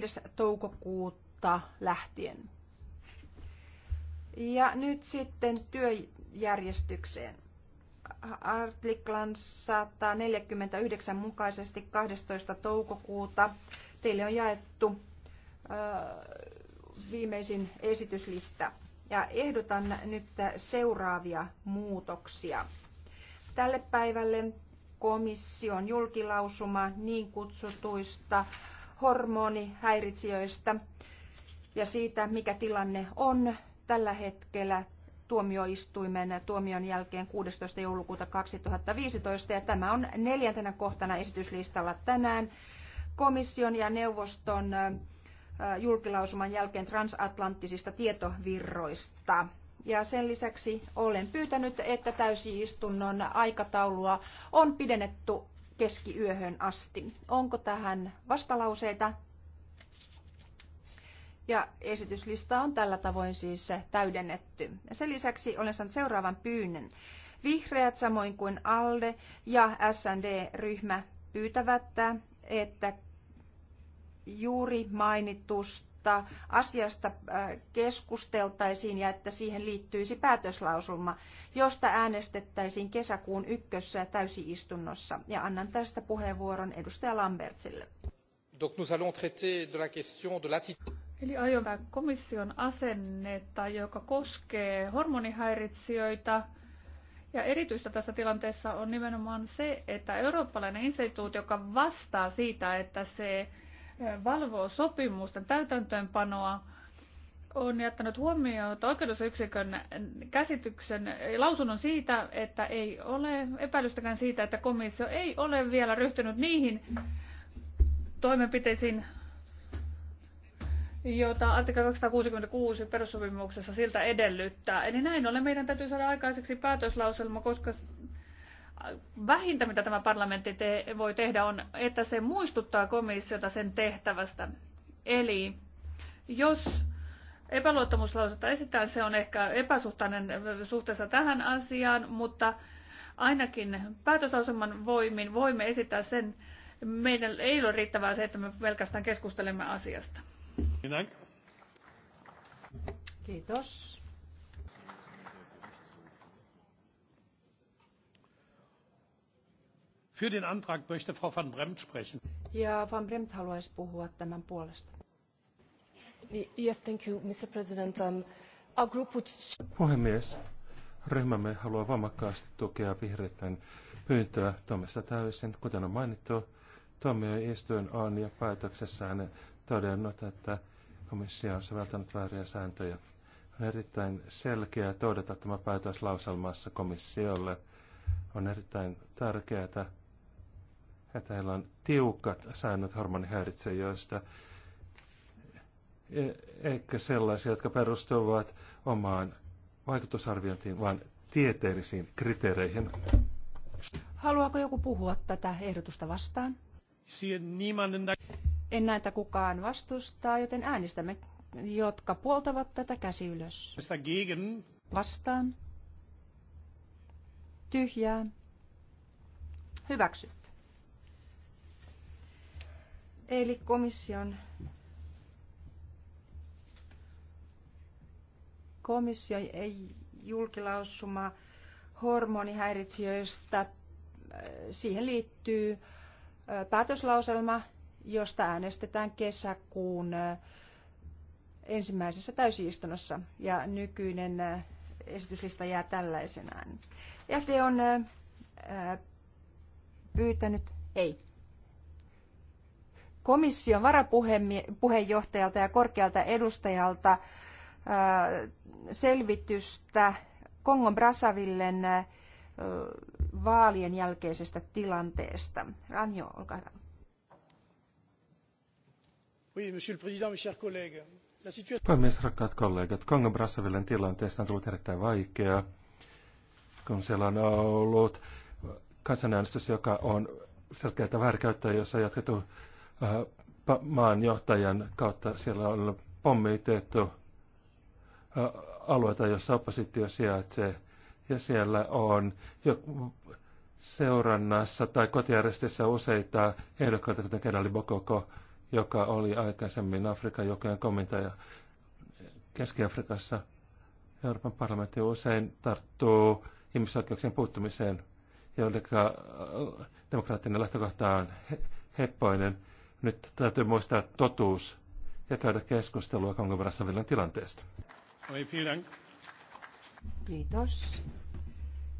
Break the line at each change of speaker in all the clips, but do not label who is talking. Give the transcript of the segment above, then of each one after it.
5. toukokuuta lähtien. Ja nyt sitten työjärjestykseen. Artiklan 149 mukaisesti 12. toukokuuta teille on jaettu viimeisin esityslista. Ja ehdotan nyt seuraavia muutoksia. Tälle päivälle komission julkilausuma niin kutsutuista hormonihäiritsijöistä ja siitä, mikä tilanne on tällä hetkellä tuomioistuimen tuomion jälkeen 16. joulukuuta 2015. Ja tämä on neljäntenä kohtana esityslistalla tänään komission ja neuvoston julkilausuman jälkeen transatlanttisista tietovirroista. Ja sen lisäksi olen pyytänyt, että täysistunnon aikataulua on pidennetty keskiyöhön asti. Onko tähän vastalauseita? Ja esityslista on tällä tavoin siis täydennetty. Sen lisäksi olen saanut seuraavan pyynnön. Vihreät samoin kuin ALDE ja SND-ryhmä pyytävät, että juuri mainitusta asiasta äh, keskusteltaisiin ja että siihen liittyisi päätöslauselma, josta äänestettäisiin kesäkuun ykkössä täysistunnossa. Ja annan tästä puheenvuoron edustaja Lambertsille.
Donc nous allons traiter de la question de
Eli aiotaan komission asennetta, joka koskee
hormonihäiritsijöitä. Ja erityistä tässä tilanteessa on nimenomaan se, että eurooppalainen instituutio, joka vastaa siitä, että se valvoo sopimusten täytäntöönpanoa, on jättänyt huomioon oikeudusyksikön käsityksen lausunnon siitä, että ei ole epäilystäkään siitä, että komissio ei ole vielä ryhtynyt niihin toimenpiteisiin, jota artikla 266 perussopimuksessa siltä edellyttää. Eli näin ollen meidän täytyy saada aikaiseksi päätöslauselma, koska vähintä, mitä tämä parlamentti te- voi tehdä, on, että se muistuttaa komissiota sen tehtävästä. Eli jos epäluottamuslausetta esitetään, se on ehkä epäsuhtainen suhteessa tähän asiaan, mutta ainakin päätösaseman voimin voimme esittää sen, meidän ei ole riittävää se, että me pelkästään keskustelemme
asiasta. Kiitos.
Für den Antrag möchte Frau van Bremt sprechen.
Ja, van Bremt haluaisi puhua tämän puolesta. Yes, thank you, Mr. President. Um, our group would...
Puhemies, ryhmämme haluaa voimakkaasti tukea vihreiden pyyntöä Tuomessa täysin. Kuten on mainittu, tuomioistuin on ja päätöksessään todennut, että komissio on soveltanut vääriä sääntöjä. On erittäin selkeää todeta tämä päätös lauselmassa komissiolle. On erittäin tärkeää, että että heillä on tiukat säännöt hormonihäiritsejöistä, e, eikä sellaisia, jotka perustuvat omaan vaikutusarviointiin, vaan tieteellisiin kriteereihin.
Haluaako joku puhua tätä ehdotusta vastaan? En näitä kukaan vastustaa, joten äänestämme, jotka puoltavat tätä käsi ylös.
Vastaan.
Tyhjää. Hyväksytty. Eli komission, komission julkilausuma hormonihäiritsijöistä, siihen liittyy päätöslauselma, josta äänestetään kesäkuun ensimmäisessä täysistunnossa ja nykyinen esityslista jää tällaisenaan. FD on pyytänyt, ei, komission varapuheenjohtajalta ja korkealta edustajalta äh, selvitystä Kongon Brassavillen äh, vaalien jälkeisestä tilanteesta. Ranjo, olkaa hyvä.
Oui, monsieur le président, mes chers collègues.
Puhemies, rakkaat kollegat, Kongon Brassavillen tilanteesta on tullut erittäin vaikea, kun siellä on ollut kansanäänestys, joka on selkeältä väärinkäyttöä, jossa on jatkettu Äh, maan johtajan kautta. Siellä on pommitettu äh, alueita, jossa oppositio sijaitsee, ja siellä on jo seurannassa tai kotijärjestössä useita ehdokkaita, kuten kenraali Bokoko, joka oli aikaisemmin Afrikan jokojen komentaja Keski-Afrikassa. Euroopan parlamentti usein tarttuu ihmisoikeuksien puuttumiseen, joiden äh, demokraattinen lähtökohta on heppoinen. Nyt täytyy muistaa totuus ja käydä keskustelua Kongon Brassavillan tilanteesta.
Oi,
Kiitos.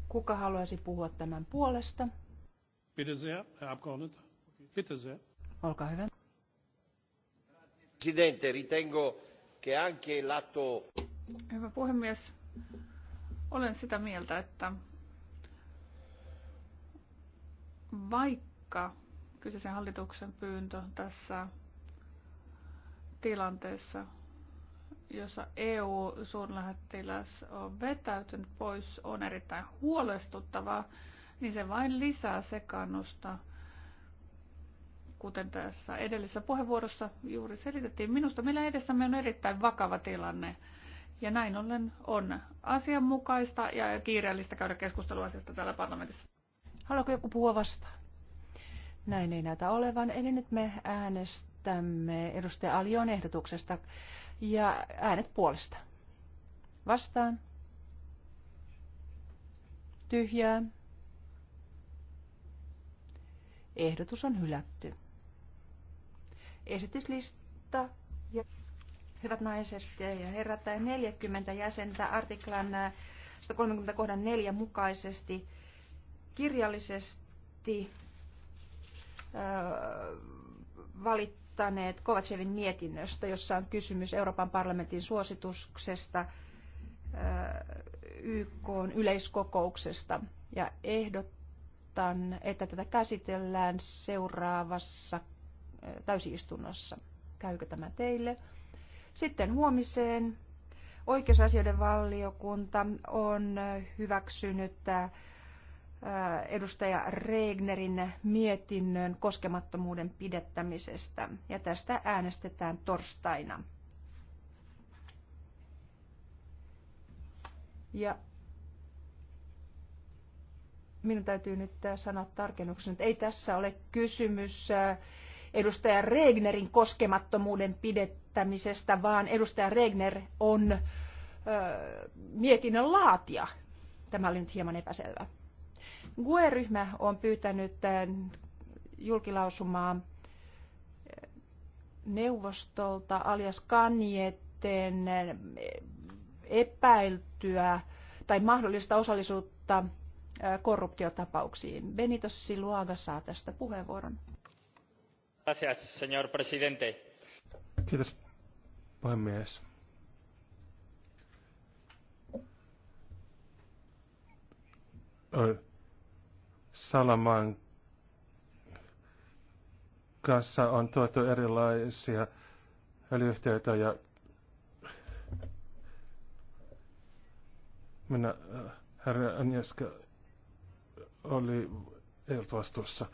Kuka haluaisi puhua tämän puolesta?
Bitte sehr, Herr Abgeordneter. Bitte sehr. Olkaa hyvä. Presidente, ritengo che anche l'atto...
Hyvä puhemies. Olen sitä mieltä, että vaikka kyseisen hallituksen pyyntö tässä tilanteessa, jossa EU-suurlähettiläs on vetäytynyt pois, on erittäin huolestuttavaa, niin se vain lisää sekannusta kuten tässä edellisessä puheenvuorossa juuri selitettiin, minusta meillä edessämme on erittäin vakava tilanne. Ja näin ollen on asianmukaista ja kiireellistä käydä keskustelua asiasta täällä parlamentissa.
Haluaako joku puhua vastaan? Näin ei näytä olevan. Eli nyt me äänestämme edustaja Alion ehdotuksesta ja äänet puolesta. Vastaan. Tyhjää. Ehdotus on hylätty. Esityslista. Ja hyvät naiset ja herrat, 40 jäsentä artiklan 130 kohdan 4 mukaisesti kirjallisesti valittaneet Kovacevin mietinnöstä, jossa on kysymys Euroopan parlamentin suosituksesta YK yleiskokouksesta ja ehdotan, että tätä käsitellään seuraavassa täysistunnossa. Käykö tämä teille? Sitten huomiseen oikeusasioiden valiokunta on hyväksynyt Äh, edustaja Regnerin mietinnön koskemattomuuden pidettämisestä ja tästä äänestetään torstaina. Ja minun täytyy nyt sanoa tarkennuksen, että ei tässä ole kysymys äh, edustaja Regnerin koskemattomuuden pidettämisestä, vaan edustaja Regner on ö, äh, mietinnön laatija. Tämä oli nyt hieman epäselvä. GUE-ryhmä on pyytänyt eh, julkilausumaa eh, neuvostolta alias Kanjeten eh, epäiltyä tai mahdollista osallisuutta korruptiotapauksiin. Benito Siluaga saa tästä puheenvuoron.
Gracias, señor presidente.
Kiitos, puhemies. On Salaman kanssa on tuotu erilaisia öljyhtiöitä ja minä, äh, herra Anjaska, oli ollut vastuussa.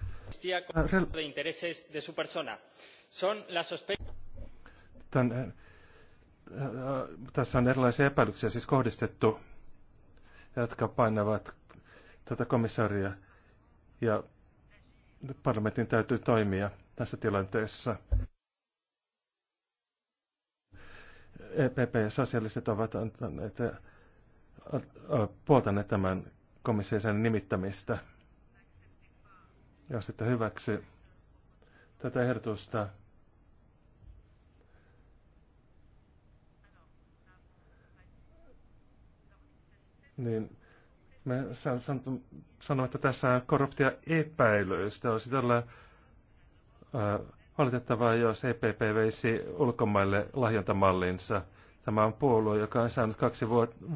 Äh, tässä on erilaisia epäilyksiä siis kohdistettu, jotka painavat tätä komissaria ja parlamentin täytyy toimia tässä tilanteessa. EPP ja sosialistit ovat antaneet, puoltaneet tämän komission nimittämistä. Jos sitten hyväksy tätä ehdotusta, niin me sanomme, että tässä on korruptia epäilyistä. Olisi todella valitettavaa, jos EPP veisi ulkomaille lahjontamallinsa. Tämä on puolue, joka on saanut kaksi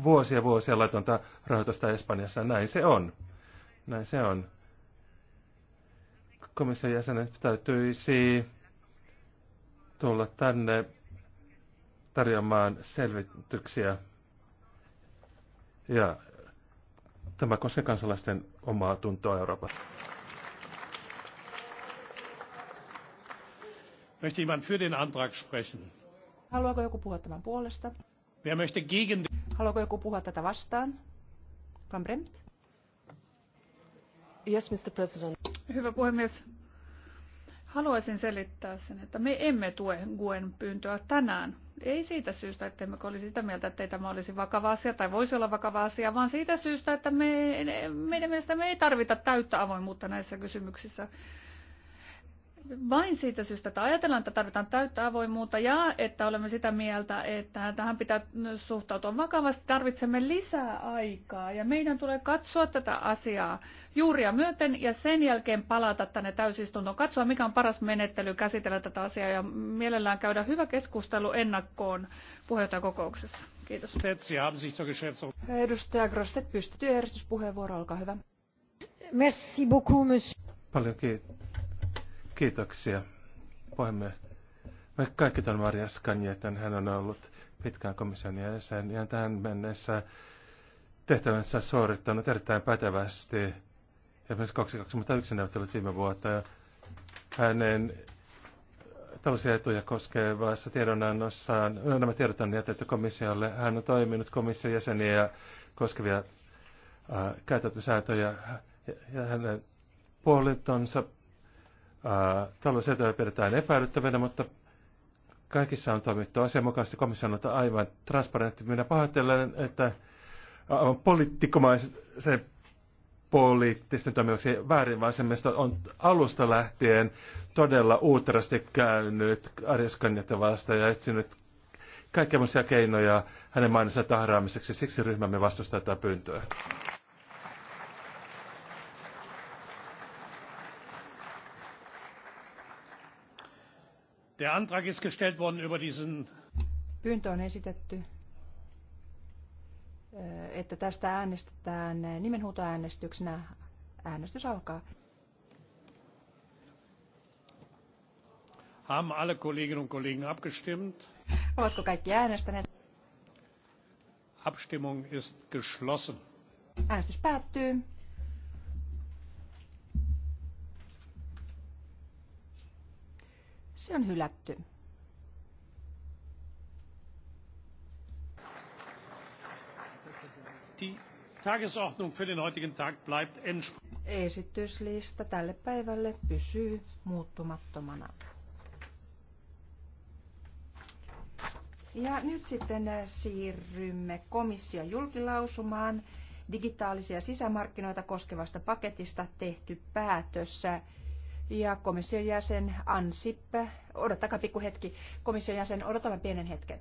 vuosia vuosia laitonta rahoitusta Espanjassa. Näin se on. Näin se on. Komission jäsenet täytyisi tulla tänne tarjoamaan selvityksiä ja Tämä koskee kansalaisten omaa tuntoa Euroopasta.
Möchte jemand für den Antrag sprechen?
Haluaako joku puhua tämän puolesta?
Wer möchte gegen
Haluaako joku puhua tätä vastaan? Van Bremt? Yes, Mr. President.
Hyvä puhemies. Haluaisin selittää sen, että me emme tue Guen pyyntöä tänään ei siitä syystä, että me olisi sitä mieltä, että ei tämä olisi vakava asia tai voisi olla vakava asia, vaan siitä syystä, että me, meidän me ei tarvita täyttä avoimuutta näissä kysymyksissä vain siitä syystä, että ajatellaan, että tarvitaan täyttä avoimuutta ja että olemme sitä mieltä, että tähän pitää suhtautua vakavasti. Tarvitsemme lisää aikaa ja meidän tulee katsoa tätä asiaa juuria myöten ja sen jälkeen palata tänne täysistuntoon, katsoa mikä on paras menettely käsitellä tätä asiaa ja mielellään käydä hyvä keskustelu ennakkoon puheenjohtajakokouksessa. Kiitos.
Edustaja Grostet, pystytyy järjestyspuheenvuoro, olkaa hyvä. Merci beaucoup, monsieur.
Paljon kiitos Kiitoksia, Voimme Me kaikki tämän Maria Skanjeten, hän on ollut pitkään komission jäsen ja tähän mennessä tehtävänsä suorittanut erittäin pätevästi myös 2021 neuvottelut viime vuotta. Ja hänen tällaisia etuja koskevassa tiedonannossaan, no, nämä tiedot on jätetty komissiolle, hän on toiminut komission jäseniä koskevia äh, käytäntösääntöjä ja, ja hänen puolitonsa Tällaisia pidetään epäilyttävänä, mutta kaikissa on toimittu asianmukaisesti. Komissio on aivan transparentti. Minä pahoittelen, että poliittikomaisen poliittisten toimijoiksi väärin, on alusta lähtien todella uuterasti käynyt arjaskannetta vastaan ja etsinyt kaikkia keinoja hänen mainonsa tahraamiseksi. Siksi ryhmämme vastustaa tätä pyyntöä.
Der Antrag ist gestellt worden über diesen
Pyyntö on esitetty, äh, että tästä äänestetään äh, nimenhuutoäänestyksenä. Äänestys alkaa.
Haben alle Kolleginnen und Kollegen abgestimmt?
Ovatko kaikki äänestäneet?
Abstimmung ist geschlossen.
Äänestys päättyy. Se on hylätty. Esityslista tälle päivälle pysyy muuttumattomana. Ja nyt sitten äh, siirrymme komission julkilausumaan digitaalisia sisämarkkinoita koskevasta paketista tehty päätössä ja komission jäsen Ansip, odottakaa pikku hetki, komission jäsen, odotamme pienen hetken.